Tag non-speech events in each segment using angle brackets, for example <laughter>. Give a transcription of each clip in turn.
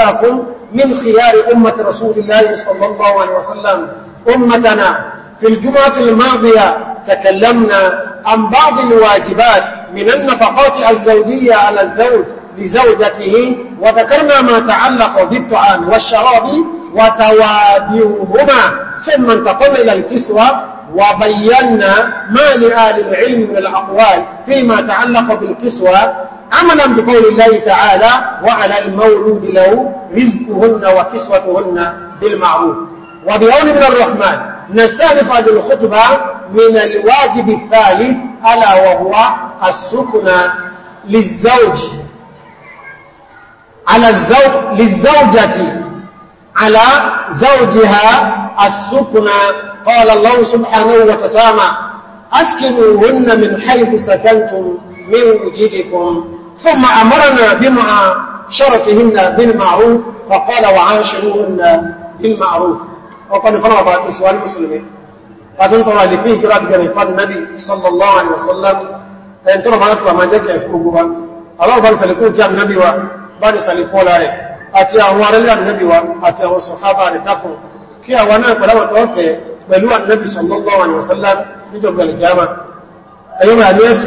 إياكم من خيار أمة رسول الله صلى الله عليه وسلم أمتنا في الجمعة الماضية تكلمنا عن بعض الواجبات من النفقات الزوجية على الزوج لزوجته وذكرنا ما تعلق بالطعام والشراب وتوابعهما ثم انتقلنا إلى الكسوة وبينا ما لآل العلم من الأقوال فيما تعلق بالكسوة عملا بقول الله تعالى وعلى المولود له رزقهن وكسوتهن بالمعروف وبعون من الرحمن نستهدف هذه الخطبة من الواجب الثالث ألا وهو السكن للزوج على الزوج للزوجة على زوجها السكن قال الله سبحانه وتسامى أسكنوهن من حيث سكنتم من وجدكم ثم أمرنا بما شرفهن بالمعروف وقال وعاشروهن بالمعروف وقال فرما بعد سؤال المسلمين فأتن ترى لكي كرات جريفات النبي صلى الله عليه وسلم أن ترى فأنا ما جاك يفرقها الله بان سلكون كام نبي وبان سلكون لاري أتي أهوار الله النبي وأتي أهو الصحابة لتقوا كي أهوانا قلوة وفي بلوى النبي صلى الله عليه وسلم يجب القيامة أيها الناس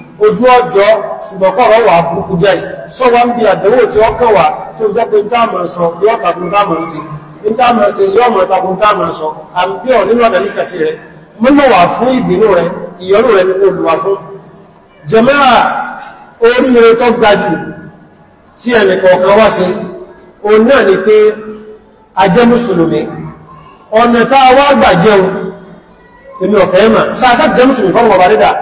ojú ọjọ́ ṣùgbọ́kọ̀rọ̀ wà burúkú jẹ́ sọ́wọ́n bí àdánwò tí wọ́n kàn wá tó jẹ́ pé táàmọ̀ sọ yọ́ tàbí táàmọ̀ sí táàmọ̀ sí yọ́ mọ̀ tàbí táàmọ̀ sọ àbí ọ̀ nínú ọ̀dẹ̀ níkàsí rẹ̀ mímọ̀ wà fún ìbínú rẹ̀ ìyọ́nù rẹ̀ nínú olùwà fún jẹmẹ́rà oríire tó gajù tí ni pé ajẹ́ mùsùlùmí ọ̀nà táa wá gbà jẹun èmi ọ̀fẹ́ mà sáà sáà jẹ́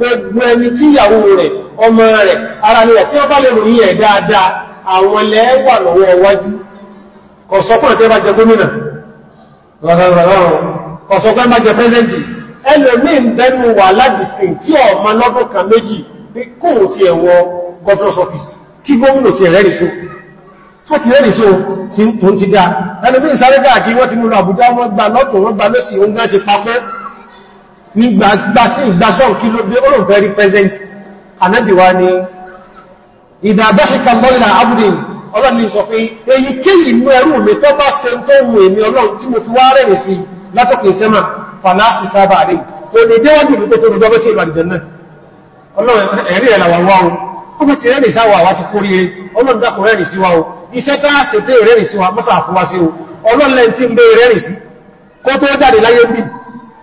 gbogbo ẹni tí ìyàwó rẹ̀ ọmọ rẹ̀ ara rẹ̀ tí ó bá lè ròyìn ẹ̀ dáadáa àwọn lẹ́wà lọ́wọ́ wájú ọ̀sọ́pọ̀ tẹ́ bá jẹ gómìnà ọ̀sọ́pọ̀ má jẹ pẹ́sẹ̀ntì ẹlòmí ń bẹnu wà ládìsìn tí ọmọ lọ́dún kan méjì bí kò ti ẹ̀wọ governor's office kí gómìnà ti rẹ̀ nìṣó tí ń ti dá ẹlòmí ìsáré gáà wọ́n ti múlò àbújá wọ́n gbà lọ́tọ̀ wọ́n gbà lọ́sì oúnjẹ́ ti papẹ́ nígbàgbà sí ìgbàsọ́n kí ló dé olóòfẹ́ represent anábìwá ni ìdàbáṣíkà mọ́lá abúrin ọlọ́ni sọ pé èyí kéyìí mú ẹrù mi tó bá ṣe tó mú èmi ọlọ́run tí mo fi wá rẹ̀ sí látọ́kì sẹ́mà fàlá ìsábà rẹ̀ kò ní déwọ́dì ìlú tó rúdọ́ bẹ́tí ìlú àdìjẹ́ náà ọlọ́run ẹ̀rí ẹ̀là wà wá o ó bẹ́ ti rẹ̀ nìsá wà wá ti kó rí ọlọ́run dákùn rẹ̀ nìsí wa o iṣẹ́ tá a ṣètè rẹ̀ nìsí wa mọ́sà àfúwá sí o ọlọ́run lẹ́ntí ń bẹ́ rẹ̀ nìsí kó tó jáde láyé bíi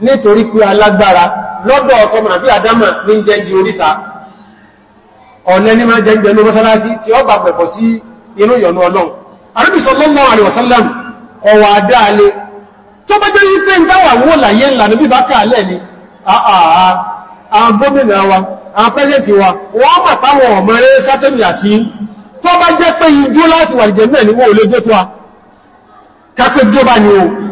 nítorí pé alágbára lọ́dọ̀ ọ̀tọ́mà bí àdámà ní jẹ́jì oríta ọ̀nẹ́ ní máa jẹ́jẹ́ ló mọ́sálásí tí ó bà pẹ̀pọ̀ sí inú yọ̀nú ọlọ́run Ànábì sallallahu alaihi wasallam ọwà dáalé tó bá jẹ́ wípé ń dáwà wó láyé ńlá níbi bá kààlẹ̀ ni àwọn gómìnà wa àwọn pẹ́lẹ̀tì wa wọ́n mà táwọn ọmọ eré sátẹ́mì àti tó bá jẹ́ pé ijó láti wà jẹ́ mẹ́rin wọ́n ò lè dé tó wa kápẹ́ jọba ni o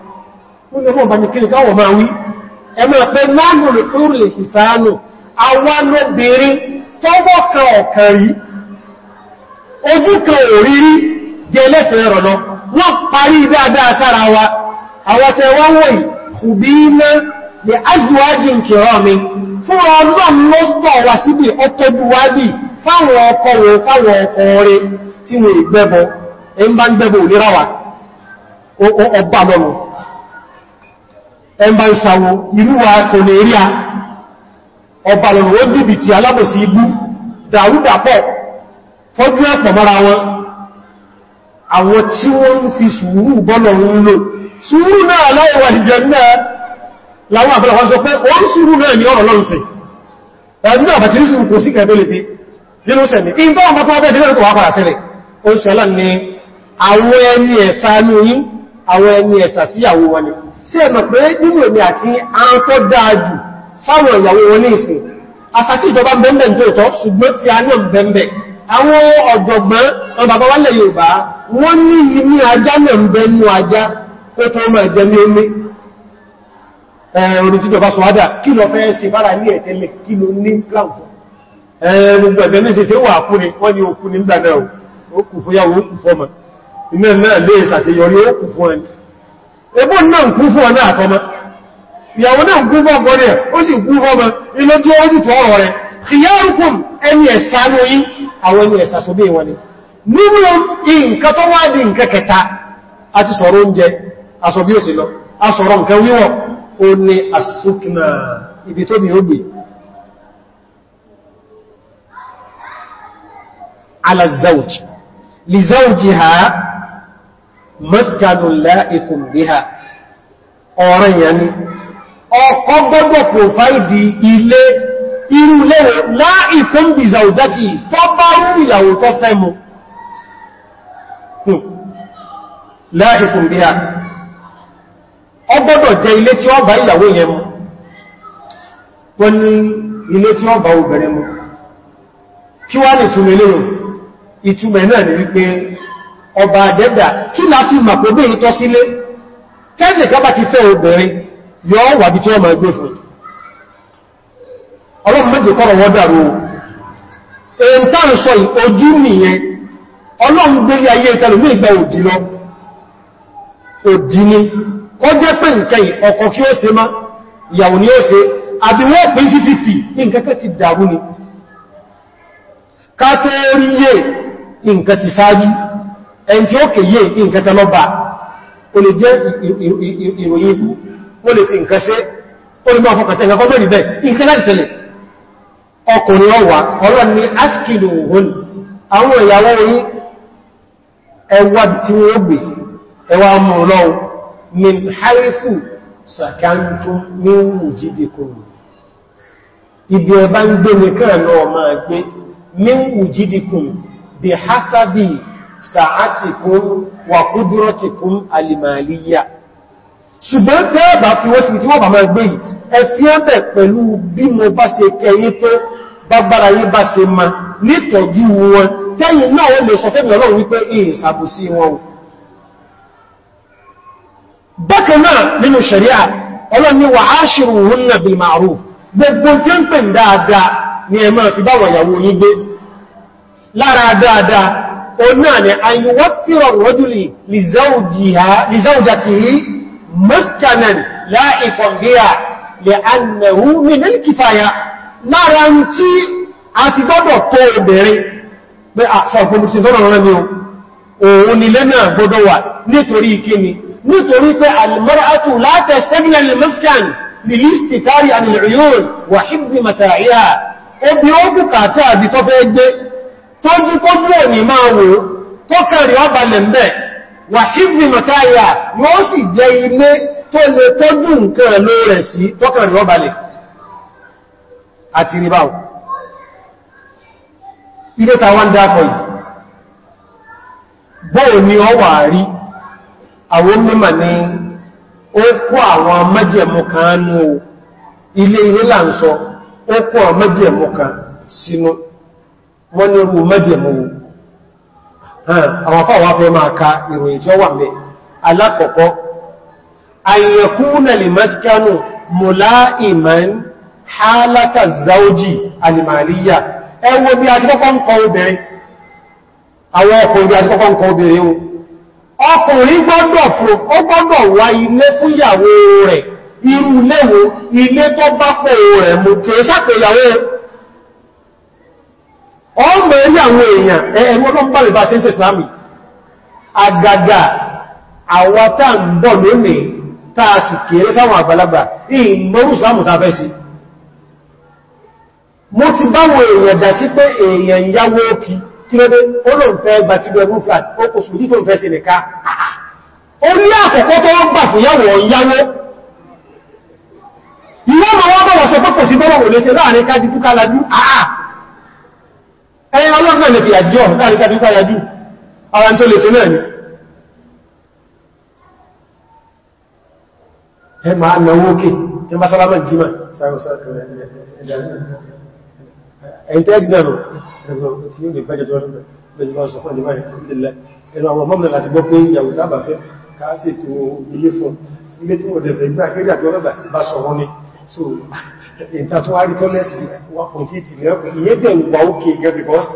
nílẹ̀mọ̀ bá ní kí lè káwọ̀ máa wí ẹmọ́ pé lánàrí orí lè fi sáánù àwọn lóbìnrin tọ́wọ́ kan ọ̀kan rí ojú kan òrírí jẹ lẹ́fẹ̀ẹ́ rọ̀ lọ wa àwọn tẹ wọ́n wòyí kùbí iná lè ájúwájì nkìrọ̀ mi fún ọlọ́m lọ́sọ̀ wà síbi ọtọ́jú fáwọn ọkọ fáwọn ọkọ tí wọn ìgbẹ́bọ ẹ ń bá ń gbẹ́bọ òlera wa ọba lọ́nà ẹmbà ìsàwò ìrúwà kò lè rí a ọba lọ́nà ó jìbìtì alábòsí igbú dàrúdàpọ̀ fọ́jú ẹ̀pọ̀ mọ́ra wọn àwọn tí wọ́n ń fi sùúrù bọ́lọ̀ ń lò sùúrù náà láìwà ìjẹ náà láwọn àbẹ́lẹ̀ wọ́n sọ pé ó ń sùúrù náà ní ọ̀rọ̀ lọ́rùn sí ẹ̀mí àbàtí ní sùúrù ni àwọn ẹni ẹ̀sà ní àwọn ẹni ẹ̀sà síyàwó wọn ni sí ẹ̀mọ̀ pé nínú èmì àti àwọn tó dáájù sáwọn ìyàwó wọn ní ìsìn àsàsí ìjọba bẹ́ẹ̀bẹ̀ tó tọ́ ṣùgbọ́n ti a náà bẹ́ẹ̀bẹ̀ àwọn ọ̀jọ̀gbọ́n wọn bàbá wálẹ̀ Yorùbá wọ́n ní ní ajá náà bẹ́ẹ̀nú ajá kó tó ni wọ́n ni okú ní gbà náà ó kù fún yàwó ó kù fọ́mọ̀ iná náà lè ṣàṣeyọrí ó ebó náà kú fún ọ̀nà àkọmọ́ ìyàwó náà kú fún ọgbọ́n rẹ̀ ó sì kú fún ọmọ ilé tí ó jùtù ọ̀rọ̀ rẹ̀ kìyàrùkùn ẹni ẹ̀sánú yí àwọn ẹni ẹ̀sàsóbé wọn ni nínú nǹkan tó wádìí nǹkan kẹta àti sọ̀rọ̀ oúnjẹ asọ̀bí òsì lọ asọ̀rọ̀ nǹkan wíwọ̀ ó ní asúkìnà ibi tó ní ó gbé alazauj mọ́sánù láìkùn bí ha ọ̀rìn yà ni ọkọ̀ gbọ́gbọ́ pòfáìdì ilé irú lẹ́rẹ̀ láìkùn bí zaudati tó bá rú ìyàwó tó fẹ́ mú hmm. bí ha ọgbọ́dọ̀ jẹ ilé tí ó bá ìyàwó yẹn mú wọ́n ní ilé tí ó bá obìnrin mú kí wá ní lérò náà ní ọba àdẹ́dà kí láti màkóbé ìtọ́ sílé tẹ́lẹ̀ kábà ti fẹ́ obìnrin yọ wà bí tí wọ́n máa gbé fún ọlọ́run méjì kọ́rọ̀ wọ́n dàrú èyí tá sọ ojú nìyẹn ọlọ́run gbélé ayé ìtẹ́lù ní ìgbà òdì lọ òdì ni kọ́ jẹ́ pé nǹkan kí ó ẹn tí ó kèyè nǹkankan lọ́bà o lè jẹ́ ìròyìn ibù o lè fi nǹkan sí ó lè máa fọkàtẹ́ nǹkan kọ́bẹ̀rẹ̀ bẹ́ nǹkan láti ọkùnrin ọwà ni askilu hun àwọn ìyàwó yí ẹwà tí wọ́n gbé ẹwà mọ̀lọ́un min sàátìkún wà kúdúrọ́tìkún alìmàlìyà ṣùgbọ́n tẹ́ ẹ̀bà fi wọ́n sí tí wọ́n bà máa gbé yìí ẹ fi ń bẹ̀ pẹ̀lú bí mo bá ṣe kẹyí tó bágbára yí bá ṣe ma nítọ̀jú wọn tẹ́yìn náà wọ́n lè sọ ọlọ́run wípé èyí sàbòsí wọn o bákan náà nínú ṣẹ̀ríà onáàni àyíwọ́ fíọ̀ rọ́júlì lìzáòjàtìrí mọ́sánàn láìkọ̀gíyà lè annàwú mìnil kìfàyà lára ń tí a ti gbọ́dọ̀ tó obìnrin pé àṣọ́gbọ́n Bìlìsìtàrí àmì ìrìyún wà hìbì màtàríà, ó bí ó bùkàtà àbí tó fẹ́ gbé tójú kójú òní máa wò tó kẹrì ọbalẹ̀ mẹ́ wà hìbì mọ̀táyà sì jẹ ilé tó lè nǹkan ló rẹ̀ sí tó kẹrì ọbalẹ̀ àti àwọn mímọ̀ ní ó kó àwọn mẹ́jẹ̀mú kan ilé ilé ó kó àwọn mẹ́jẹ̀mú wọ́n ni orú mẹ́jẹ̀mú àwọn afọ́ àwọn máa ka ìròyìn tí ó wà mẹ́ alákọ̀ọ́kọ́ ayyakuna lè mẹ́síkánù mùláìmán hálátà záójì alìmàríyà ẹwọ bí a ń kọ obìnrin àwọn ọkùnrin ọmọ ẹ̀rí àwọn èèyàn ẹ̀rù ọlọ́pàá lè bá ṣe ń ṣe islami àgàgà àwátà ń bọ̀ lónìí a sì kéré sáwọn àgbàlagbà ìmọ̀rú islamu ta fẹ́ sí mo ti báwọn èèyàn dà sí pé èèyàn yáwó kí kí lóde olóǹfẹ́ gbàtígbẹ̀ mú flat ó kò sùn títò fẹ́ sí nìka orí àkọ́kọ́ tó wọ́n gbà fìyàwó yáwó ìwọ́n ma wọ́n bọ̀wọ̀ sọ pé kò sí bọ́wọ̀ òlẹ́sẹ̀ láàrin kájú túkálàjú àà ah, ah ẹ̀yìn ọlọ́gbọ̀n lè fi àjíọ̀ láàrínkàtí fàyàjú ara tó lè sí náà ni ẹ máa náwó òkè tí bá sálámà jímà sáàrùsáàrùn ẹ̀dà ìtàtúwárí tó lẹ́sì wọ́n kùn tí ìtì ìyẹ́ dẹ̀ ń gbà ókè gẹ́ because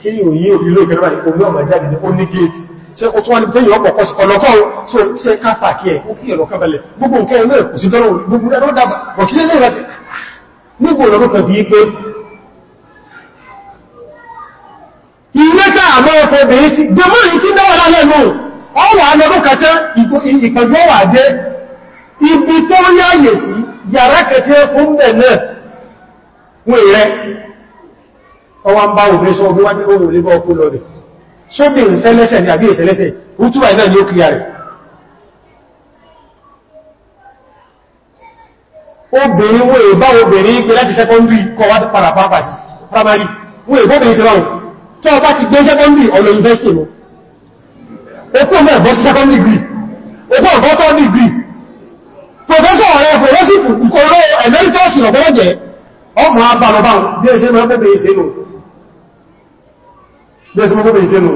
kí yíò yí òbí ló ìgbẹ̀rẹ̀ omi ọmọ jáde ní oní gate tí ó tún wá ní tẹ́yìn ọgbọ̀ kọsí ọlọ́kọ́ tó tí ẹ kápa kí ẹ ó kí ọlọ́kọ́ balẹ̀ gbogbo nǹkan ẹ̀mọ́ ẹ̀kù sí tọ́rọ gbogbo ẹ̀rọ dábà ọ̀kí lẹ́lẹ́ rẹ̀ nígbò lọ́rọ̀ kan bí pé ilé tá àmọ́ ẹ̀fẹ́ bèé sí gbẹmọ́ yìí tí dáwà lálẹ́ mú ọwà lọ́rọ̀ kàtẹ́ ìpàgbọ́wà dé ibi tó yáyè sí yàrá kẹtẹ́ fún bẹ̀ náà wọ́n rẹ̀ ọwá ń bá obìnrin sọ obìnrin wá ní oòrùn olébọ́ ọkú lọ rẹ̀ sóbì ìṣẹ́lẹ́sẹ̀ ni àbí ìṣẹ́lẹ́sẹ̀ útúwà náà ni ó kìí rẹ̀ obìnrin wọ́n èbá obìnrin pé láti secondary kọ wá para pàpàsì primary wọ́n èbó obìnrin sí ráhùn tó ọba ti gbé secondary ọ̀nà university mọ́ okú náà bọ́ sí secondary degree okú ọ̀bọ́tọ́ degree pòfẹ́sọ̀ ọ̀rẹ́ pòfẹ́sìpù oró ẹ̀mẹ́rítọ́sì lọ́gbọ́jẹ́ ọmọ abàlọ́bà bí ẹ̀ṣẹ́ mọ́gbẹ̀ẹ́ ìṣẹ́nu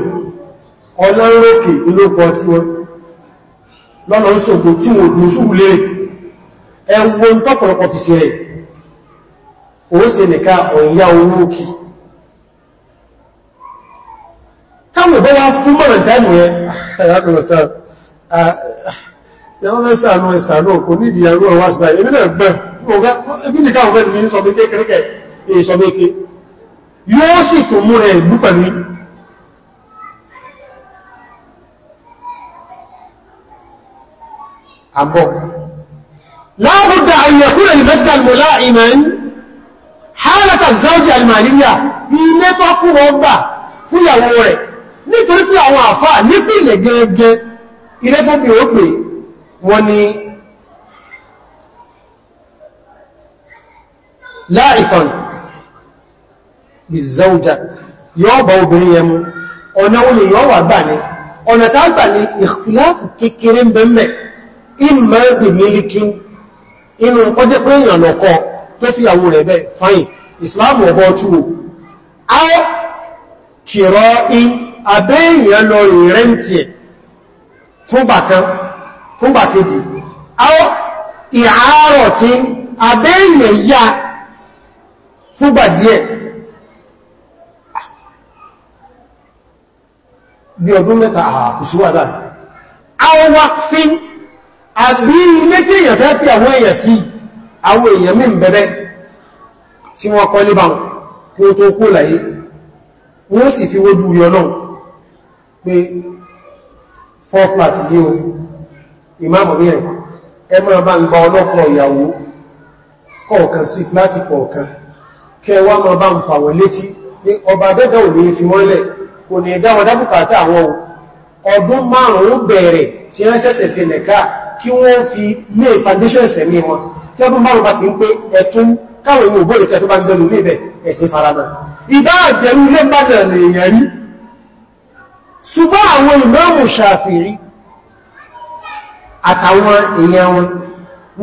ọlọ́rọ̀kì ilókọ tí wọ́n lọ́nà ṣògbò tí wọ́n dùn ṣúgbùlé ẹwọ tọ́pọ̀lọpọ̀ ti ṣẹlẹ̀ ó ṣe nìka ọ̀yá owó kì táwọn ìbọ́wà fún mọ̀rẹ̀ dáìmù rẹ̀ ẹwọ́n mẹ́sà àánú ẹ̀sà náà kò ní ìdíyàrú ọwá sí báyìí nílẹ̀ gbẹ̀ ẹbí nìkan ọ̀fẹ́ ní sọ méké kẹ́kẹ́ èyí mọ́lá ìmẹ́ni hálàtà zaújì alìmàlìyà ní ilé tó kú ọgbà fúyàwó rẹ̀ nítorí pé àwọn àfáà nípìnlẹ̀ gẹ́gẹ́ ilé tó bí ó pè é wọ́n ni láìkan ìzọ́ọ̀dá yóò bá obìnrin yẹn mú ọ̀nà olè yóò wà gbà ní ọ̀nà tàbà ní ìkìláàfù kékeré mẹ́mẹ́ ìmọ̀ ẹgbẹ̀ mílíkí inú ọjẹ́ pé èèyàn lọ́kọ́ tó fi àwọ rẹ̀ bẹ́ fáyìn ìsìláàmù ọgbọ́ túwò a in abẹ́ lọ rẹ̀ fún bàkan fúngbà kejì àwọn ìhàárọ̀ tí abẹ́ ilẹ̀ yá fúngbà díẹ̀ bí ọdún mẹ́ta àkùsùwàdà àwọn fi àbí ilé tí èyàn fẹ́ fi àwọn èyàn sí àwọn èyàn mí bẹ̀rẹ̀ tí wọ́n kọ́ níbà kí tó kó 4 flat ní o ìmáàmù ní ẹ̀ ẹ máa bá ń gba ọlọ́pọ̀ ìyàwó kọ̀ọ̀kan sí fláti kọ̀ọ̀kan kẹwa máa bá ń fà wọ́n létí ní ọba dẹ́gbẹ̀ ò ní fi wọ́n lẹ̀ kò ní dáwọn dábùkátà àwọn ọdún márùn-ún bẹ̀rẹ̀ tí wọ́n ṣẹ̀ṣẹ̀ sí nẹ̀ká kí wọ́n fi foundation ẹ̀mí wọn tí ọdún márùn-ún bá ti ń pé ẹ̀tún káwọn ìwò òbórí tẹ́ tó bá ń ní ibẹ̀ ẹ̀sìn àtàwọn èèyàn wọn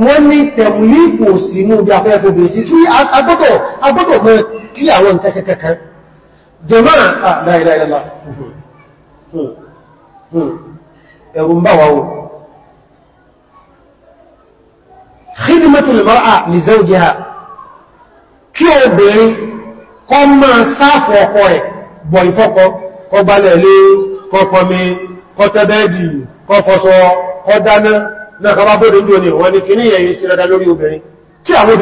wọ́n ní tẹ̀mùlípò sí inú bí afẹ́fẹ́ bèèrè sí kí agbọ́dọ̀ mọ́ kí àwọn ìtẹ́kẹ́kẹ́kẹ́ jẹmọ́ àdáìláìlá hmm, hmm, hmm. ẹ̀rùn bá wà ó khidmatul mar'a li zawjiha kí obìnrin kọ máa sáàfọ̀ ọkọ rẹ̀ bọ̀ ìfọ́kọ lé kọ fọmi kọ ọdáná náà na bóde jò ní wọ́n ni kì ní ẹ̀yẹ sí rẹ̀dá lórí obìnrin tí àwọn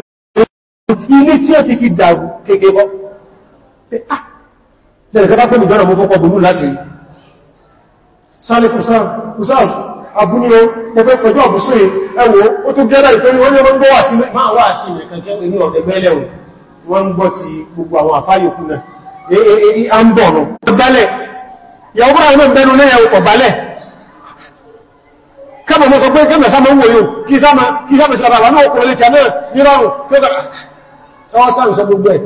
ilé tí ó ti fi dàrú kéèké bọ́ ah, lẹ́yìn kọba pẹ̀lú ìjọ́nà mú fọ́kọ̀ bùnú lásìrí sáàlì kùsáà abúlé pẹ̀lú àbúsọ́ ẹwọ́ ó tó gẹ́rẹ́ ìtọ́ni kẹ́mọ̀ mọ́ sọ pé kẹ́mọ̀ sáma ń wòye kí sáma ìsìlára wà náà kòrò lè tẹ̀ náà nírọ̀rùn tó gbà ọwọ́ sáàrùn sọ gbogbo ẹ̀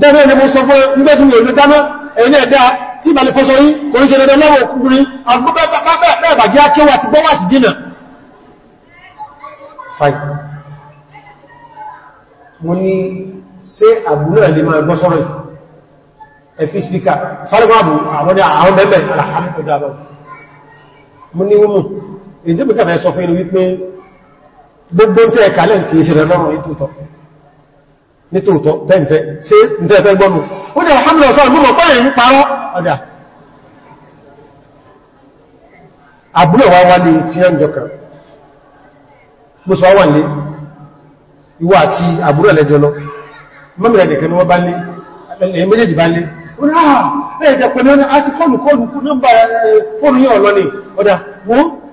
dáná ni mo sọ fún ẹgbẹ́tí mi òní dáná ẹ̀yìn ẹ̀dá tí ìbàlẹ̀ fọ́sọ yí kò ń ṣe rẹ̀ lọ́wọ́ ọkùnrin àgbẹ́bàjẹ́ akéwà ti gbọ́wà sí dínà mo ní ṣe àbúrò ẹ̀lẹ́ máa gbọ́ sọ́rọ̀ ẹ̀fí spíkà sọ́rọ̀ àbúrò àwọn ọmọ ẹ̀mẹ́ àlàáfíà dáadáa mo ní wọ́n mú ìdíbò kẹfẹ́ sọ fún inú wípé gbogbo tẹ́ ẹ̀kà lẹ́n kìí ṣe rẹ̀lọ́rùn nítòótọ́ tẹ́ǹfẹ́ ṣe ń tẹ́ẹ̀fẹ́ gbọ́nù ó dẹ̀ alhamdulillah sọ́rọ̀ gbọ́mọ̀ pẹ́yẹ̀ ń parọ́ ọ̀dà àbúlé wa wá lè tí á ń jọkà bó sọ wà lè ìwọ àti àbúrò ẹ̀lẹ́jọ́ lọ mọ́mìnà nìkan ni wọ́n bá lé ẹ̀yìn méjèèjì bá lé ó náà ẹ̀ẹ̀dẹ̀ pẹ̀lú àti kọlùkọlù nọ́mbà fóònù yọ́ ọ̀lọ́ ni wọ́n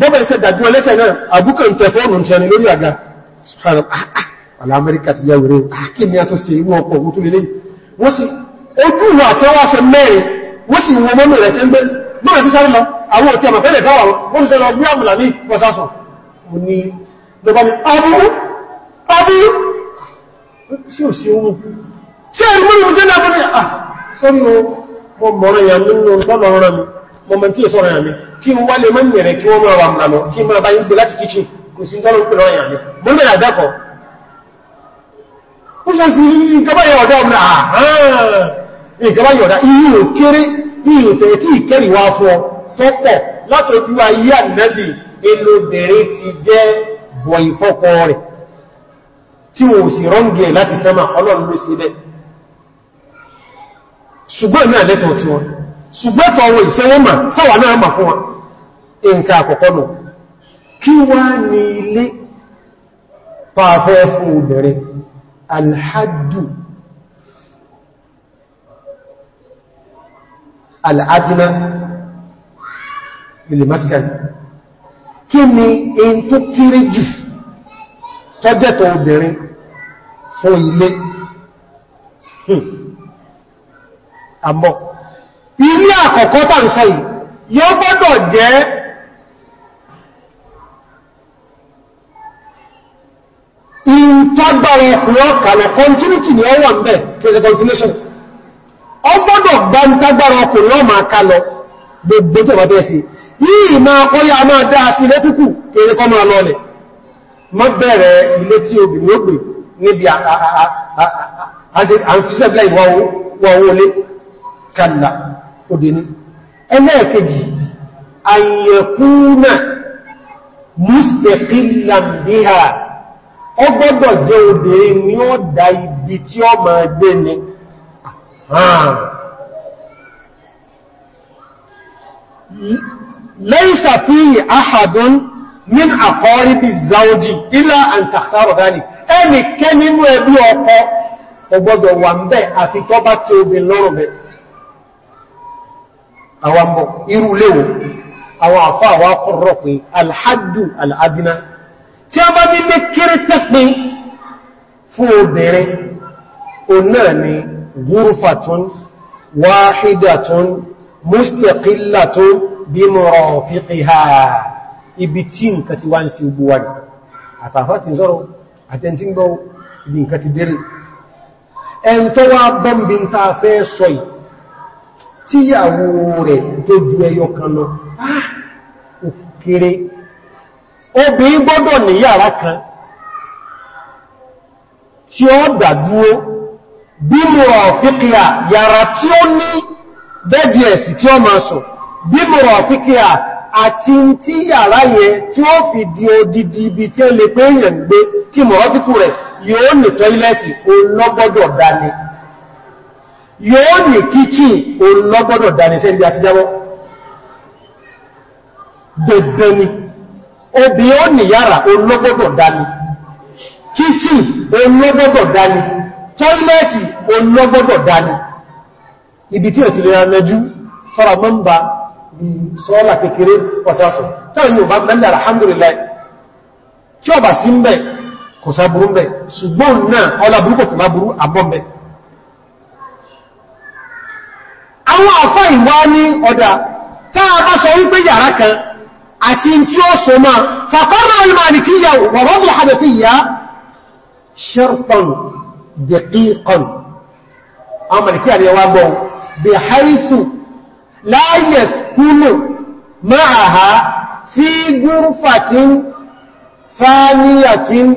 bọ́bẹ̀ ìfẹ́ dàdún ẹlẹ́sẹ̀ náà àbúkà ń tẹ̀fọ́nù ń tẹni lórí àga ọ̀lá ah, ah, amẹ́ríkà ti yà wèrè ah, kí ni a tó se ìwọ̀n ọkọ̀ ogun tó lélẹ́ wọ́n sì ojú ìwọ̀n àtẹ́wàṣẹ mẹ́rin wọ́n sì wọ́n mọ́nù rẹ̀ tí ń gbé lọ́rẹ̀ tí sáré lọ àwọn òtí àmà fẹ́lẹ̀ dáwà wọ́n sì lọ gbé àmùlà ní pọ̀sásọ̀ òní lọ́bá ní abúrú abúrú sí ò sí ohun tí ẹ̀rù mọ́nù jẹ́ náà mọ́nù kí n wá lè mọ́ ìrẹ̀ kí wọ́n mọ́ ọwà mọ̀lọ̀ kí n mọ́ ọba yìí gbé láti kíchì kò sí tọ́lọ̀ pẹ̀lú ọ̀yàn rẹ̀ mọ́ mẹ́rẹ̀ àdákọ̀ ó sọ sí ìkẹbá yọ̀dá ọmọ ìkẹbá yọ̀dá ìyí ò kéré ìrìnfẹ̀ tí ìkẹrì wá fún ọ ṣùgbọ́n ní àlẹ́tọ̀ tí ṣùgbọ́n tọ̀wọ̀ ìṣẹ́wọ́n mà sáwà náà mà fún wọn nǹkan àkọ́kọ́ nù kí wá ní ilé tààfẹ́ fún obìnrin alhajjú al'adina ilimaskan kí ni in tó kéré jù tọ́jẹ́tọ̀ obìnrin fún ilé hmm. àmọ́ ilé àkọ́kọ́ tàbí sáyì yóò gbọ́dọ̀ jẹ́ tágbàrà ọkùnrin ọkàlọ̀ continuity ni ọ wà ń bẹ̀ kẹsẹ̀ continuation ọ gbọ́dọ̀ gbá ń tágbàrà ọkùnrin ọmọ àkàlọ̀ gbogbo tẹ̀wọ́tẹ́ sí yìí ma kọ́yà máa dáa sí lẹ́tùkù mustaqillan biha ó gbọ́dọ̀ jẹ́ obìnrin ni ó dá ibi tí ó máa gbé ni ah. laysa fihi ahadun min aqaribi zawji illa an takhtara dhalik ẹni kẹ́ nínú ẹbí ọkọ ó gbọ́dọ̀ wà ń bẹ́ àti tó bá tí obìnrin lọ́rùn bẹ́ àwọn irú léwo àwọn àfáà wá kọ̀rọ̀ pé alhaddu al'adina tí a bá nílé kéré tẹ́pin fún obìnrin o náà ni gúrùfàtún wáhídàtún mustaqillatun bí murafiqiha ibi tí nǹkan ti wá ń sí gbogbo wáyé àtàfà ti sọ́rọ̀ àtẹ́ntí gbọ́ ibi nǹkan ti dérè ẹn tó wá bọ́m̀bí ń taa fẹ́ sọ tíyàwó rẹ̀ tó ju ẹyọ kan lọ ah òkèrè obìnrin gbọ́dọ̀ ní yàrá kan tí ó dàdúró bí mọ̀rọ̀ ọ̀fíkíà yàrá tí ó ní bẹ́ẹ̀dì ẹ̀sì tí ó máa sùn bí mọ̀rọ̀ ọ̀fíkíà àti tí yàrá yẹ tí ó fi di odidi ibi tí ó lè pé èèyàn gbé kí mọ̀rọ̀ fíkù rẹ̀ yóò ní tọ́ílẹ̀tì olóbọ́dọ̀ dání yóò ní kíchì olóbọ́dọ̀ dání sẹ́ndí àtijáwọ́ dẹ̀dẹ̀ ni obì ó nìyàrá olóbòdò dání kíchì olóbòdò dání tọ́ílẹ̀tì olóbòdò dání ibi tí ò ti lè ránlẹ́jú tọ́rọ mọ́mbà sọ́ọ́là kékeré ọ̀sásọ̀ tọ́rin yóò bá bá sọ wípé yàrá kan أتنتيو سما فقرر المالكية ووضع حدثية شرطا دقيقا أمالكية اليواب بحيث لا يسكن معها في جرفة ثانية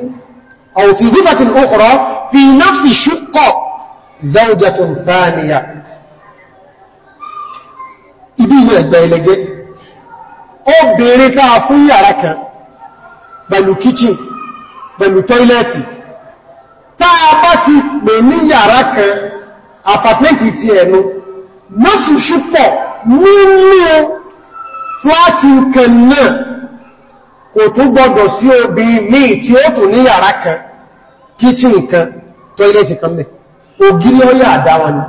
أو في جرفة أخرى في نفس شقة زوجة ثانية إبيه أجبه obìnrin káà fún yàrá kan pẹ̀lú kíchìn pẹ̀lú tọ́ílẹ̀tì táa bá ti pè ní yàrá kan àpàtẹ́ntì ti ẹ̀nu mọ́sù ṣúpọ̀ nínú fláti kan náà kò tún gbọdọ̀ sí obìnrin ní tí ó tún ní yàrá kan kíchìn kan tọ́ílẹ̀tì kan mẹ́ ògiri ọyá àdáwọn ni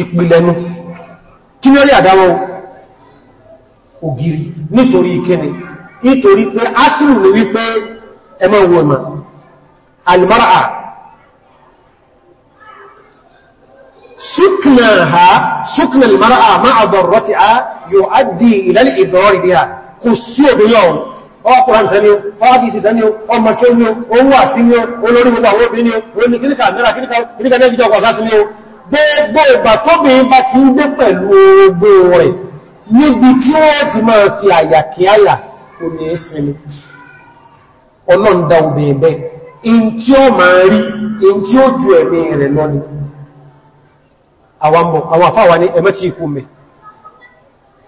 ìpìlẹ̀nu kí ní ó yà dáwọn ògiri nítorí ìkẹni nítorí pé asìrù ní wípé ẹmọ ìwò ọmọ alìmọ́ra súnkìnà ha súnkìnà alìmọ́ra ma àbọ̀rọ̀ ti a yóò adì ìlẹ́lẹ̀ ìdọ̀rọ̀ ìdíyà kò sí obìnrin ọ̀rọ̀ ọkùnrin tẹ́ni ọ́dìsì tẹ́ni ọmọ kí ó ní owó gbogbo ìgbà tóbìnrin bá ti ń dé pẹ̀lú ogbo rẹ̀ níbi tí wọ́n ti máa fi àyà kí àyà kò ní ìsinmi ọlọ́ndà obìnrin in tí ó máa rí in tí ó ju ẹ̀mí rẹ̀ lọ́ni àwọn àfáwà ní ẹmẹ́ tí ikú mẹ́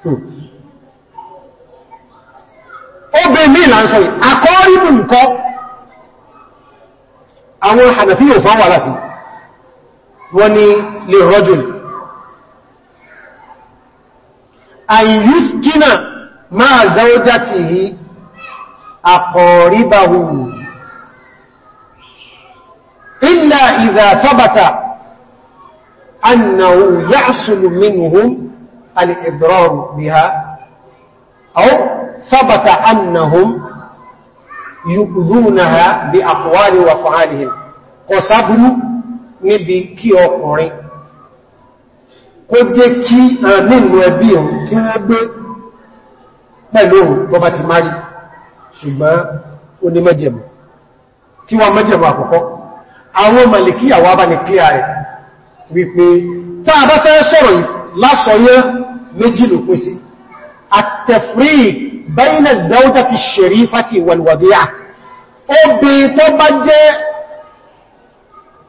hmm. obìnrin ní ìlànsọ̀ àkọ́rí àwọn lásìí وني للرجل أن يسكن مع زوجته أقاربه إلا إذا ثبت أنه يحصل منهم الإضرار بها أو ثبت أنهم يؤذونها بأقوال وفعالهم وصبروا níbi kí ọkùnrin kó jẹ́ kí nínú ẹbí òun kí wọ́n gbé pẹ̀lú òun bọ́bá ti márì ṣùgbọ́n ó ní mẹ́jẹ̀mù tí wọ́n mẹ́jẹ̀mù àkọ́kọ́ àwọn màlìkíyàwó bá ní kíyà rẹ̀ wípé táà bá fẹ́ sọ̀rọ̀ lásọyẹ́ méjì ló pín àtẹ̀frí bẹ́yìn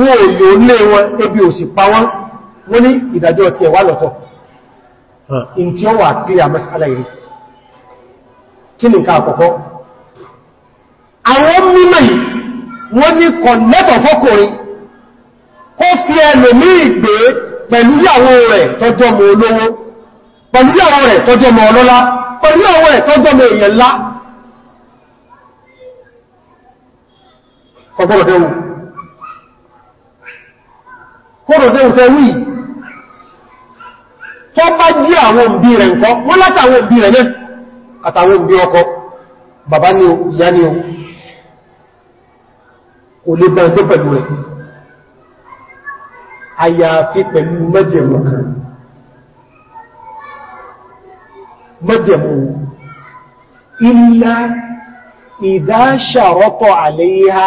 wọn ò yóò lé wọn ebi ò sì pa wọn wọ́n ní ìdájọ́ ti ẹ̀wà lọ́tọ̀ in tí ó wà pí àmásàlá ìrí kí ni ká àkọ́kọ́ àwọn mímọ̀ yìí wọ́n ní kọ̀ lẹ́bọ̀ fọ́kùnrin kó fi ẹlò ní ìgbé pẹ̀lú ìyàwó rẹ̀ tọ́jọ́ mọ olówó pẹ̀lú ìyàwó rẹ̀ tọ́jọ́ mọ ọlọ́lá pẹ̀lú ìyàwó rẹ̀ tọ́jọ́ mọ èèyàn lá kọ̀gbọ́dọ̀ kóòròdé ń nke tó bá jí àwọn òbí rẹ̀ nkọ wọ́n látàwọn òbí rẹ̀ náà àtàwọn òbí ọkọ bàbá ni o ìyá ni o kò lè bẹ̀rẹ̀ tó pẹ̀lú rẹ̀ àyàfi pẹ̀lú mẹ́jẹ̀mù kan mẹ́jẹ̀mù ilá ìdáṣàrọ́pọ̀ àlẹ́yíhá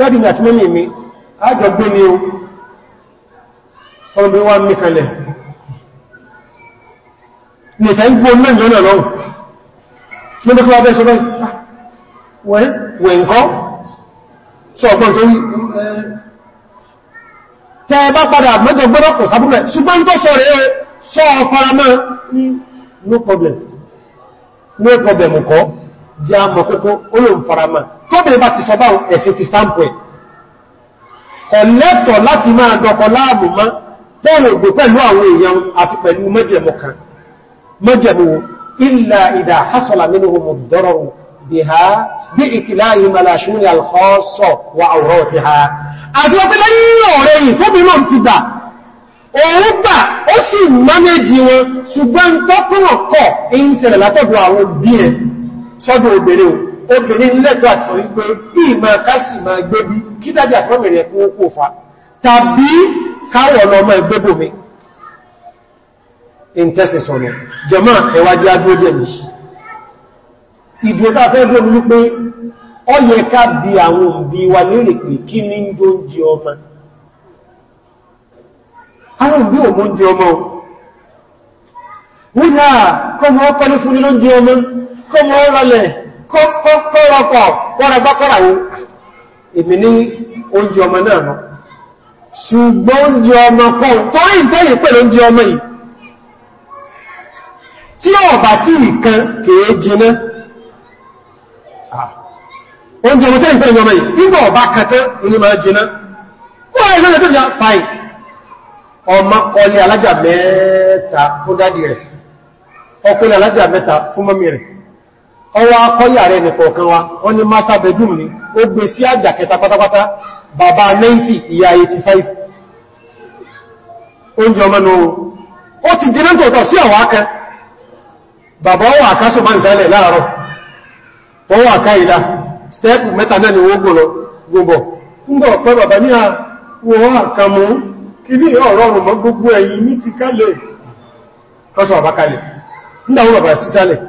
dádì mi àti mọ́mí mi ájọ gbé ní o ọmọbìnrin wá mí kalẹ̀ nìkan ń gbó mẹ́rin lọ́nà lọ́wọ́ ló bí kí wá bẹ́ sọ báyìí ah, wẹ̀ ǹkọ́ sọ ọ̀pọ̀n tó tẹ́ bá padà mẹ́jọ gbọ́rọ̀ kò sábúrẹ̀ ṣùgbọ́n tó sọ rẹ̀ sọ ọ̀faramọ́ hmm, no problem no problem kọ́ jẹ́ àmọ̀ kókó olóòfaramọ́ tóbìnrin bá ti sọ báwọn ẹ̀sìn ti stampo ẹ̀ kọ̀lẹ́tọ̀ láti máa dọkọ láàbù mọ́ pọ́wọ̀ ògbò pẹ̀lú àwọn èèyàn àti pẹ̀lú mẹ́jẹ̀mọ̀ kan mẹ́jẹ̀mọ̀ illa idha hasala minhum ad-darar biha bí ìtìláyì malashuni al-khassa wa awratiha àti wọ́n pẹ́lẹ́ yíò rẹ̀ yìí tó obìnrin lẹ́tọ́ àti wípé ìmọ̀ kásì ma gbébí kí dájí àsìmọ́bìnrin ẹ̀kún ókú fa tàbí káwọ̀ lọ mọ́ ẹgbébò mi in tẹ́sì sọ̀rọ̀ jẹmọ́ ẹwàjí agbójẹ́ mi ìdúrótà fẹ́ gbóòmù wípé ọ yẹ ká bí àwọn òbí wa lérè pé kí ní kọmọ ọkọ̀ fún ní ló ọmọ kọmọ ọrọ̀lẹ̀ kọ́rọ̀pọ̀ kọ́rọ̀gbọ́kọ́rà wo èmì ní oúnjẹ ọmọ náà mọ́ ṣùgbọ́n oúnjẹ ọmọ kan tó rí ìtẹ́yìn pẹ̀lú oúnjẹ ọmọ yìí tí ọ̀bà tí ìkan kèé jiná ah. oúnjẹ ọmọ tẹ́yìn pẹ̀lú ọmọ yìí nígbà ọ̀bá kàtẹ́ ní máa jiná ọmọ kọlẹ̀ alájà mẹ́ta fún dádì rẹ̀ ọkùnrin alájà mẹ́ta fún mọ́mí rẹ̀ ọwọ́ akọ́yà rẹ̀ nìkọ̀ kan wa wọ́n ní master bedroom ni ó gbé sí àjà kẹta pátápátá bàbá 90 ìyá 85 oúnjẹ ọmọ náà ó ti jẹ́ lẹ́tọ̀ọ̀tọ̀ sí ọ̀wọ́ akẹ́ bàbá ọwọ́ àkásọ máa ń sẹ́lẹ̀ láàárọ̀ ọwọ́ àká gbogbo bàbá ibi gbogbo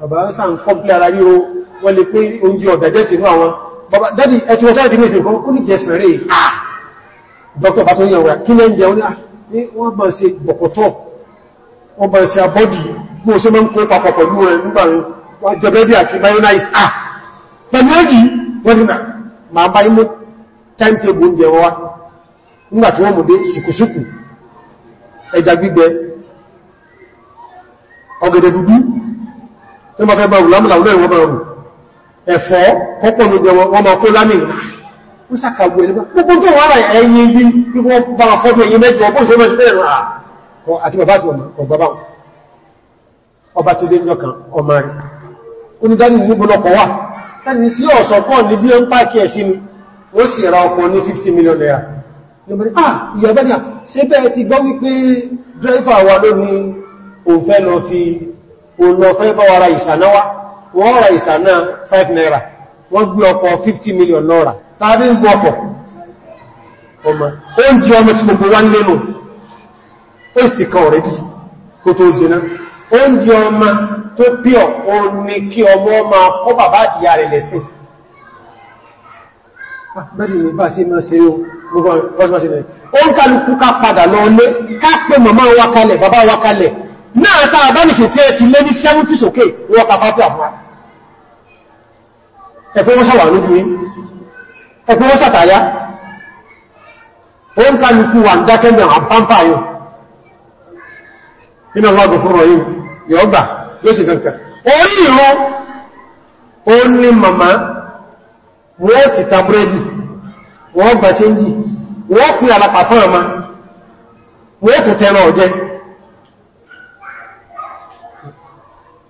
bàbá ń sàn kọ́m̀pílẹ̀ ara ríro wọ́n lè pé oúnjẹ ọ̀dẹ̀jẹ́ sí fún àwọn bàbá dádì ẹtí wọ́n tàbí mẹ́sìn kan ó ní jẹ́ sẹ̀rẹ̀ ah dr baton yawra kí lẹ́ ń jẹun náà ah, ní wọ́n bá ṣe bọ̀kọ̀tọ̀ wọ́n bá ṣe abọ́dì mú ṣe mọ́ ń kó papọ̀ pẹ̀lú rẹ̀ nígbà wọ́n jẹ tí wọ́n fẹ́ bá ìwòlámù làwọn ẹ̀wọ̀n bá ọrùn ẹ̀fọ́ kọ́pọ̀ ló jẹun wọ́n máa kó lámì ó sàkàgbò ẹ̀lẹ́gbà gbogbo tó wà láì ẹ̀yìn ibi tí wọ́n bá wà fọ́dún ẹ̀yìn mẹ́jọ ọgbọ́n ṣe mẹ́sẹ̀ rà kan àti bàbá àti ọmọ kan bàbá ọba tó dé níjọ kan ọmọ rẹ̀ ó ní dání níbo lọkọ̀ wà dání sí ọ̀sọ̀ pọ̀ ní bí ó ah, bẹ́ẹ̀ ti gbọ́ wípé dírẹ́fà wa ló òun fẹ́ lọ fi òlò fẹ́ bá wà ra ìsànáwá wọ́n ra ìsàná 5 naira wọ́n gbé ọkọ̀ 50 million naira tàbí ń gbọ́ ọkọ̀ ọmọ oúnjẹ ọmọ tí gbogbo wá kan kò tó o ní kí ọmọ ọmọ ọ bàbá àdìyà rẹ̀ lẹ́sìn ah, ó ń ká náà tàà bá tí ẹ ti lé ní 70 sókè wọ́n kàfàtí àfúwá ẹ̀kọ́ wọ́n sàwà lójú yí ẹ̀kọ́ wọ́n sàtàyá ó ń kálukú wà ń dákẹ́mẹ̀ àpámpà yóò nínú ọlọ́gbọ̀ fún ọ̀yí yọ́gbà yóò sì kankan orí ìrọ́ ó ní màmá wọ́n ti ta búrẹ́dì wọ́n gbà chẹ́ńjì wọ́n pín alápàtọ́ ọmọ wọ́n kò tẹ́rọ ọ̀jẹ́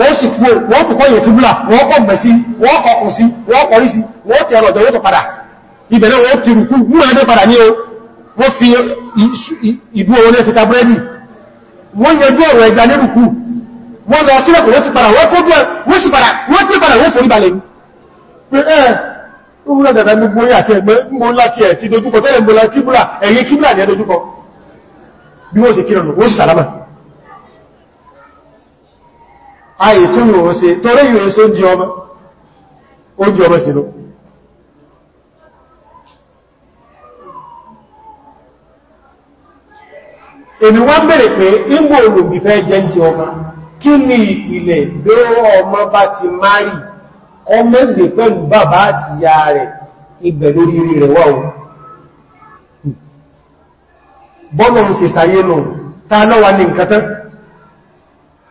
wọ́n sì kú wọ́n kọ̀kọ́ yẹ̀ kíbùlà wọ́n kọ̀ mẹ́ sí wọ́n kọ̀kùn sí wọ́n kọ̀rí sí wọ́n ti ọ̀rọ̀ ìjọwọ́ tó padà ibẹ̀ náà wọ́n ti rùkú mú ẹ̀dẹ́ padà ní o wọ́n fi ìbú owó ní ẹ̀fẹ́ta búrẹ́dì wọ́n yẹjú ọ̀rọ̀ ẹ̀gbà ní rùkú wọ́n lọ sílẹ̀ kò wọ́n ti padà wọ́n tó bẹ́ẹ̀ wọ́n sì padà wọ́n tí padà wọ́n forí balẹ̀ pé ẹ́ òun dàdà gbogbo orí àti ẹ̀gbẹ́ mọ́ láti ẹ̀ ti dojúkọ tẹ́lẹ̀ mọ́ láti kíbùlà ẹ̀yẹ kíbùlà ní ẹ dojúkọ bí wọ́n sì kírànù wọ́n sì sàlámà àìtúnwò ṣe torí ìrìn só jí ọmọ ó jí ọmọ sínú èmi wọ́n bèèrè pé ìgbò olùgbìfẹ́ jẹ́ jí ọmọ kí ni ìpìlẹ̀ bí ọmọ bá ti márì ọmọ èdè pẹ̀lú bàbá àti ya rẹ̀ ibẹ̀ lórí rẹ̀ wà ó bọ́nà ń ṣe sàyé nù ta lọ́wà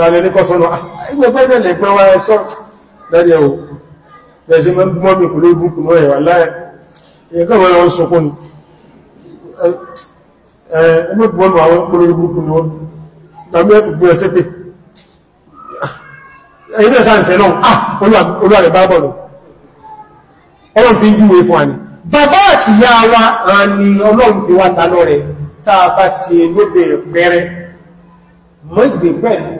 tààlẹ oníkọ́sọ́nà ah, ìgbẹ̀gbẹ̀ ìrẹ̀lẹ̀ pẹ́ wáyé sọ́ lẹ́rẹ̀ o bẹ̀ẹ̀sí mọ́ mi kò ló gún kù mọ́ ẹ̀wà láẹ̀ ẹ̀kọ́ wọ́n lọ sọkún ẹgbẹ̀gbọ́nù àwọn polóògùn kù lọ tàbí ẹ̀fù gbé ẹsẹ́ pé ah, ẹ̀yìn náà sáàrẹ̀ sẹ́lọ́n ah, olúwàrẹ̀ bá bọ̀lù ọlọ́run fi ń júwe fún àní bàbá àti ìyá wa ràn ní ọlọ́run fi wá ta lọ́rẹ̀ tàà bá ti ẹgbẹ̀gbẹ̀ pẹ̀rẹ̀ mọ́ ìgbẹ̀ pẹ̀lú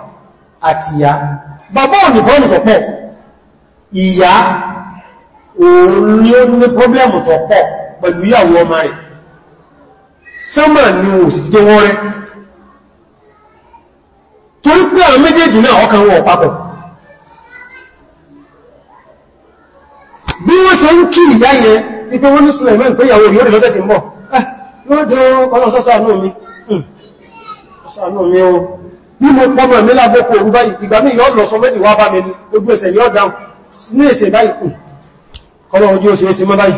àti ìyá bàbá òníkọ́ ní pẹ̀pẹ̀ ìyá òun ni ó ní pọ́blẹ̀mù tó pọ̀ pẹ̀lú ìyàwó ọmọ rẹ̀ sọ́mà ni ò sì tí wọ́n rẹ̀ torí pé àwọn méjèèjì náà ọkàn wọn papọ̀ bí wọ́n ṣe ń kí ìyá yẹn ipé wọ́n ní Suleiman pé ìyàwó yóò rí lọ́tẹ̀ tí ń bọ̀ ah, bí mo pọ́mọ̀ mi lábókò orú báyìí ìgbà mí yọ́ lọ sọ mẹ́dì wá bá mi ojú ẹsẹ̀ yọ́ dáun ní èsẹ̀ báyìí kù kọ́lọ̀ ojú ó sì èsẹ̀ mọ́ báyìí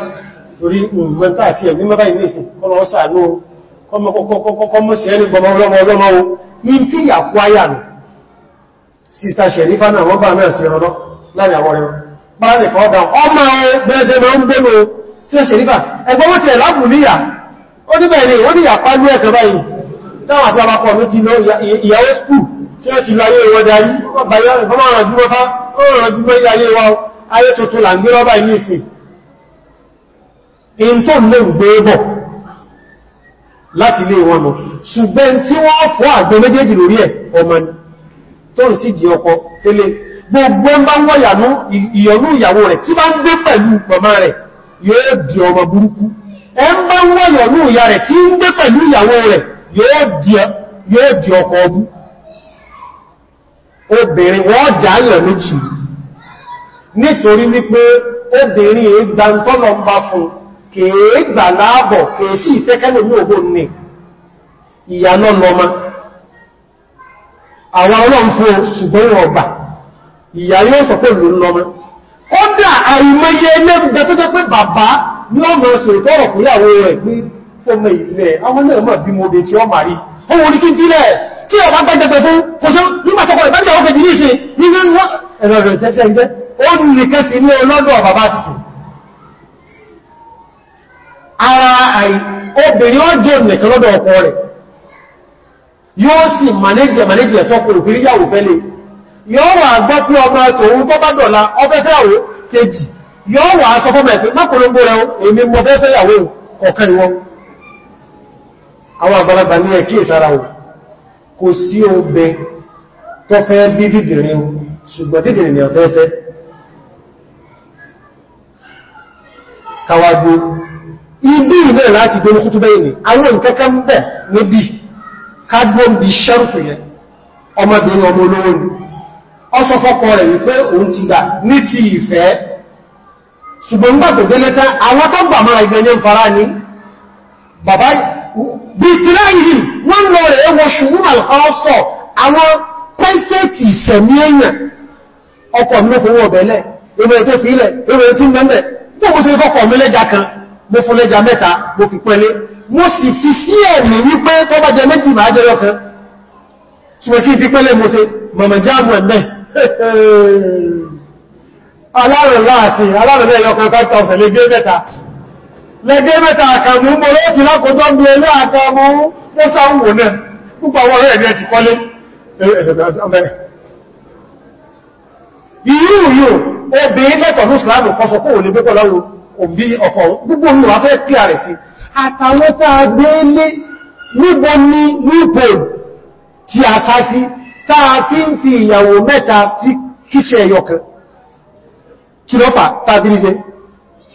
torí mẹ́ta àti ẹ̀mí mọ́ báyìí nìsìn kọ́lọ̀ ọ́sàánú kọ́mọ́sí ẹni gbọmọ ọlọ́mọ ọlọ́mọ o ní tí ìyàkú ayà nù sísta ṣẹ̀rífà náà wọ́n bá náà sí ọ̀rọ̀ láàrin àwọn ẹ̀rọ bá lè kọ́ ọ̀dá ọmọ bẹ́ẹ̀ṣẹ́ mọ́ ń gbẹ́mọ̀ tí ó ṣẹ̀rífà ẹgbọ́n wọ́n ti táwọn àti àpapọ̀ ló ti lọ ìyàwó skúù tí ó ti lọ ayé wọn darí fọ́mọ̀ràn jùmọ́ fá ọ̀rọ̀ jùmọ́ ilé ayé wa ayé tuntun là ń gbé rọ́bà inú ìsìn in tó lè gbé bọ̀ láti lé wọn mọ̀ ṣùgbẹ́ tí wọ́n fọ́ àgbẹ́ méjèèjì lórí ẹ̀ ọmọ tó ń sì di ọkọ fẹ́lẹ́ gbogbo ń bá wọ́n ìyọnú ìyàwó rẹ̀ tí bá ń gbé pẹ̀lú màmá rẹ̀ yóò di ọmọ burúkú ẹ ń bá wọ́n ìyọnú ìyà rẹ̀ tí ń gbé pẹ̀lú ìyàwó rẹ̀ yóò dị ọkọ̀ ọdún obìnrin wọ́n jàáyàn méjì nítorí wípé obìnrin ìgbàntọ́lọ ń bá fún kèé gbà láàbọ̀ kèé sí ìfẹ́kẹ́lẹ̀ ní ògbò ní ìyànà lọ́mọ àwọn ọlọ́run fún ṣùgbọ́n ọgbà ìyà yóò sọ pé lọ́mọ kódà àìmọye ẹlẹ́gbẹ̀ẹ́ tó jẹ́ fọmọ ilẹ̀ àwọn náà mọ̀ bí mo bè tí ọ máa rí ohun orí kí n fílẹ̀ tí ọba gbẹ́gbẹ́ fún kòṣó nígbàtọ̀kọ̀ ìbájẹ̀ ọkẹ̀ jìí ṣe nínú ẹ̀rọ ẹ̀rọ tẹ́sẹ̀ jẹ́ ó ní kẹ́sì ní ọlọ́dọ̀ bàbá títì ara obìnrin ọjọ́ nìkan lọ́dọ̀ ọkọ rẹ̀ yóò sì mànẹ́jẹ̀ mànẹ́jẹ̀ tọ́kù òfin yàwó fẹ́lẹ̀ yóò wà gbọ́ pé ọmọ tòun tó bá dọ̀la ọfẹ́fẹ́yàwó kejì yóò wà sọ fọ́mọ̀ ẹ̀pẹ́ mọ́kànlógún rẹ̀ èmi mọ́fẹ́fẹ́yàwó kọ̀ọ̀kan ìwọ̀n àwọn àgbàlagbà ní ẹ̀kí ìsára wọn kò sí obe tó fẹ́ bí dìdìrin ṣùgbọ́n dìdìrin ni kawago ibi ilẹ̀ láti gbé mọ́kútú bẹ́yìn àwọn ìkẹ́kẹ́ ka ọmọ ti ṣùgbọ́n gbàgbẹ̀gbẹ̀ àwọn tó ní bí tíláyìí wọ́n lọ rẹ̀ wọ ṣùgbọ́n àlọ́sọ̀ àwọn pẹ́ńtẹ́ẹ̀tì ìsẹ̀mí èèyàn ọkọ̀ mi kò wọ́n bẹ̀lẹ̀ ewé tó fi ilẹ̀ ewé tí mẹ́mẹ́ tó mo sì fọ́kọ̀ mi lẹ́ja kan mo fún lẹ́ja mẹ́ta mo fi pẹ́lé mo sì fi sí ẹ̀mí wípé tó bá jẹ méjì máa jẹyọ kan ṣùgbọ́n kí fi pẹ́lé mo se mọ̀mọ̀ jáàmù ẹ̀mẹ́ <laughs> alárẹ̀ láàṣì alárẹ̀ lẹ́yọ kan 5000 lé gbé mẹ́ta lẹ́gẹ́ mẹ́ta àkàmù mọ́ lọ́tí lákòótọ́ bí ẹlẹ́ àkàmù ó sáwò náà púpọ̀ àwọn ọ̀rẹ́ ẹ̀dẹ́ ti kọ́lé irú yóò obìnrin lẹ́tọ̀ ní ìsìláàmù kọsọ kó olè gbẹ́kọ̀ lọ́rọ̀ òbí ọkọ̀ gbogbo olùwà fẹ́ kí ààrẹ sí àtàwọn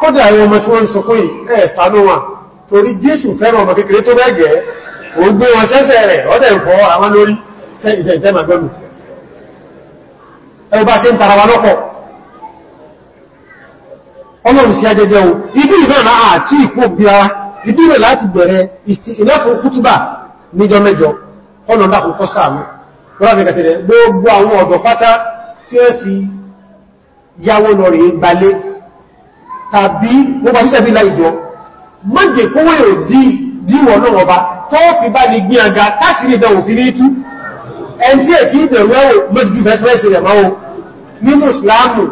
kódà àwọn ọmọ tí wọ́n ń sọkún yìí ẹ̀ sánú wọn torí Jésù fẹ́ràn ọmọ kékeré tó bẹ́gẹ̀ ó gbé wọn sẹ́sẹ̀ rẹ̀ ọdẹ̀ ń àwọn lórí sẹ́ìtẹ̀ ibi ìfẹ́ náà àti ìkó bíra ibi rẹ̀ láti bẹ̀rẹ̀ ìlẹ́fún kútúbà níjọ mẹ́jọ ọlọ́dà kò kọ́ sáàmù gbogbo àwọn ọ̀dọ́ pátá tí ó ti yáwó lọ rèé gbalé tàbí wọ́n bá ṣẹ́bí láìjọ mọ́jẹ̀ kówó yóò dí díwọ̀ náà ọba tó fi bá lè gbí àga táti lè dẹ̀wò fi ní tú ẹn tí ẹ̀tí ìbẹ̀rù ẹ̀wò mọ́jú fẹ́sẹ̀rẹ́sẹ̀ rẹ̀ máa ní mùsùlámù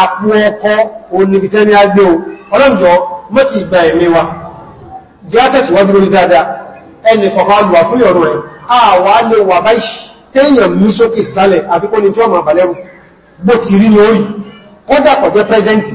àpò ọkọ̀ oníbitẹ́ni agbé o ọlọ́njọ́ mọ́tí ìgbà ẹ̀mí wa jẹ́ tẹ̀síwájú lórí dáadáa ẹnì kọ̀ọ̀kan lùwà fún ìyọ̀rọ̀ ẹ̀ àwà lè wà báyìí tẹ́yàn mú sókè sálẹ̀ àfikún ni tí wọ́n máa bàlẹ́rù bó ti rí ní orí kódà kọ̀jẹ́ pẹ́sẹ́ntì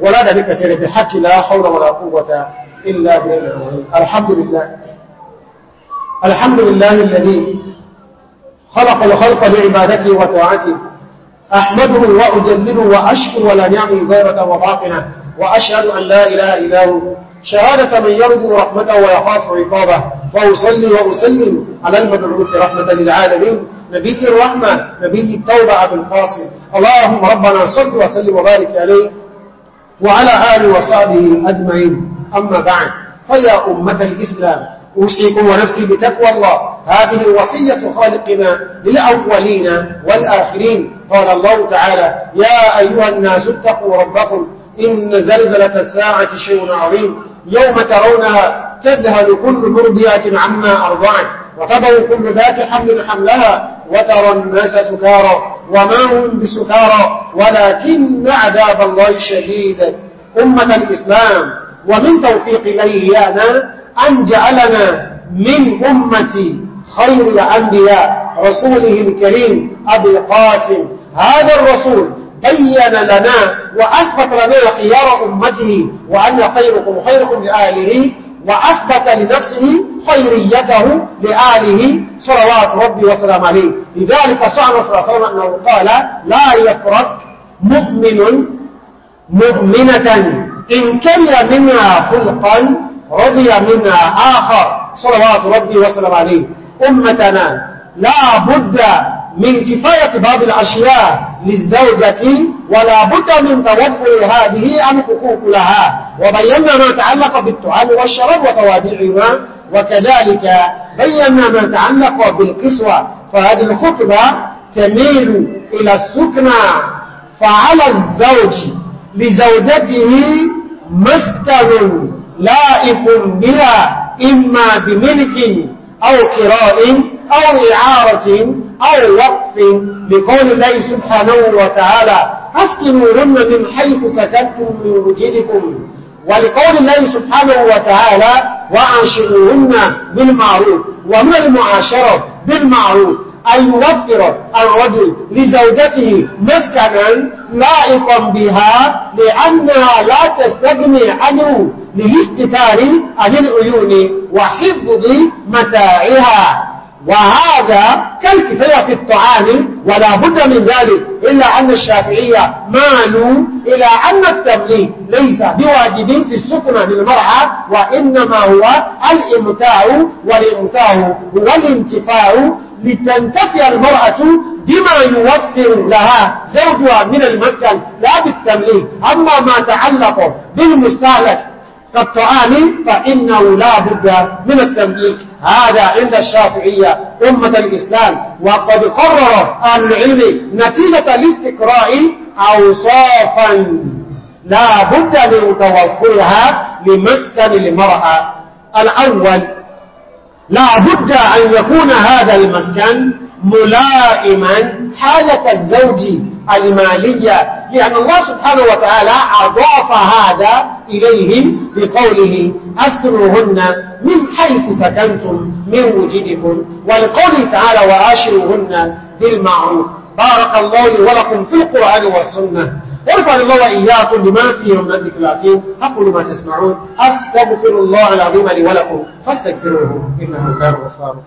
ولا ذلك سير بحق لا حول ولا قوة إلا بالله الحمد لله الحمد لله الذي خلق الخلق بعبادته وطاعته أحمده وأجلله وأشكر ولا نعمه ظاهرة وباطنة وأشهد أن لا إله إلا هو شهادة من يرد رحمته ويخاف عقابه وأصلي وأسلم على المبعوث رحمة للعالمين نبي الرحمة نبي التوبة عبد القاسم اللهم ربنا صل وسلم وبارك عليه وعلى آل وصحبه أجمعين أما بعد فيا أمة الإسلام أوصيكم ونفسي بتقوى الله هذه وصية خالقنا للأولين والآخرين قال الله تعالى يا أيها الناس اتقوا ربكم إن زلزلة الساعة شيء عظيم يوم ترونها تذهل كل مرضية عما أرضعت وتضع كل ذات حمل حملها وترى الناس سكارى وما هم بسكارى ولكن عذاب الله شديد أمة الإسلام ومن توفيق إلينا أن جعلنا من أمة خير الأنبياء رسوله الكريم أبي القاسم هذا الرسول بين لنا وأثبت لنا خيار أمته وأن خيركم خيركم لأهله وأثبت لنفسه طيريته لآله صلوات ربي وسلام عليه لذلك صعب صلى الله عليه وسلم أنه قال لا يفرق مؤمن مؤمنة إن كل منها خلقا رضي منها آخر صلوات ربي وسلم عليه أمتنا لا بد من كفاية بعض الأشياء للزوجة ولا بد من توفر هذه الحقوق لها وبينا ما تعلق بالتعال والشراب وتوابعهما وكذلك بينا ما تعلق بالقسوة فهذه الخطبة تميل إلى السكنى فعلى الزوج لزوجته مسكن لائق بها إما بملك أو كراء أو إعارة أو وقف بقول الله سبحانه وتعالى أسكنوا من حيث سكنتم من وجدكم ولقول الله سبحانه وتعالى وأنشئوهن بالمعروف ومن المعاشرة بالمعروف أن يوفر الرجل لزوجته مسكنا لائقا بها لأنها لا تستغني عنه للاستتار عن العيون وحفظ متاعها وهذا في الطعام ولا بد من ذلك إلا أن الشافعية مالوا إلى أن التبليغ ليس بواجب في السكنة للمرأة وإنما هو الإمتاع والإمتاع هو الانتفاع لتنتفع المرأة بما يوفر لها زوجها من المسكن لا بالتمليك أما ما تعلق بالمستهلك كالطعام فإنه لا بد من التمليك هذا عند الشافعية أمة الإسلام وقد قرر أهل العلم نتيجة الاستقراء أوصافا لا بد من توفرها لمسكن المرأة الأول لا بد أن يكون هذا المسكن ملائما حالة الزوج المالية لأن الله سبحانه وتعالى أضاف هذا إليهم بقوله أسكنوهن من حيث سكنتم من وجدكم ولقوله تعالى وعاشروهن بالمعروف بارك الله لي ولكم في القرآن والسنة ورفع الله وإياكم بما فيه من ذلك العظيم أقول ما تسمعون أستغفر الله العظيم لي ولكم فاستغفروه إنه كان وصاره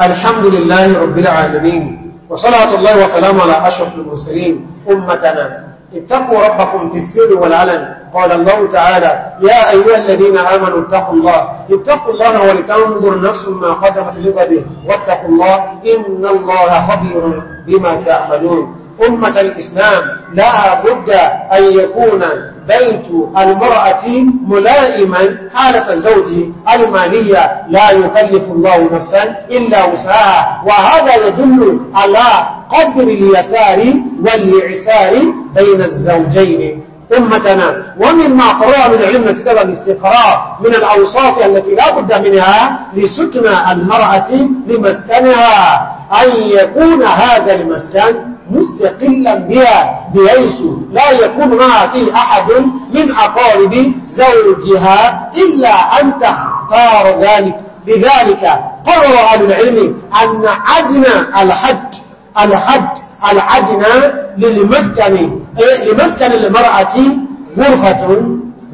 الحمد لله رب العالمين وصلاة الله وسلام على أشرف المرسلين أمتنا اتقوا ربكم في السر والعلن قال الله تعالى يا أيها الذين آمنوا اتقوا الله اتقوا الله ولتنظر نفس ما قدمت لغده واتقوا الله إن الله خبير بما تعملون أمة الإسلام لا بد أن يكون بيت المرأة ملائما حالة الزوج المانية لا يكلف الله نفسا إلا وسعها وهذا يدل على قدر اليسار والعسار بين الزوجين أمتنا ومما قرأ من علم كتاب الاستقراء من الأوصاف التي لا بد منها لسكن المرأة لمسكنها أن يكون هذا المسكن مستقلا بها بحيث لا يكون معها فيه أحد من أقارب زوجها إلا أن تختار ذلك لذلك قرر أهل العلم أن عدنا الحج الحج العدنا للمسكن إيه، لمسكن المرأة غرفة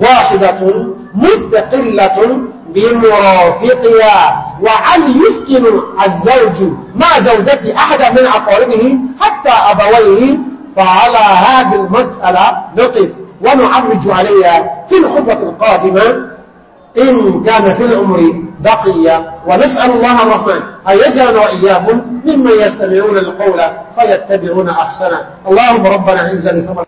واحدة مستقلة بمرافقها وهل يسكن الزوج مع زوجته أحدا من أقاربه حتى أبويه فعلى هذه المسألة نقف ونعرج عليها في الخطبة القادمة إن كان في العمر بقية ونسأل الله الرحمن أن يجعل وإياكم ممن يستمعون القول فيتبعون أحسنه اللهم ربنا عز لسبب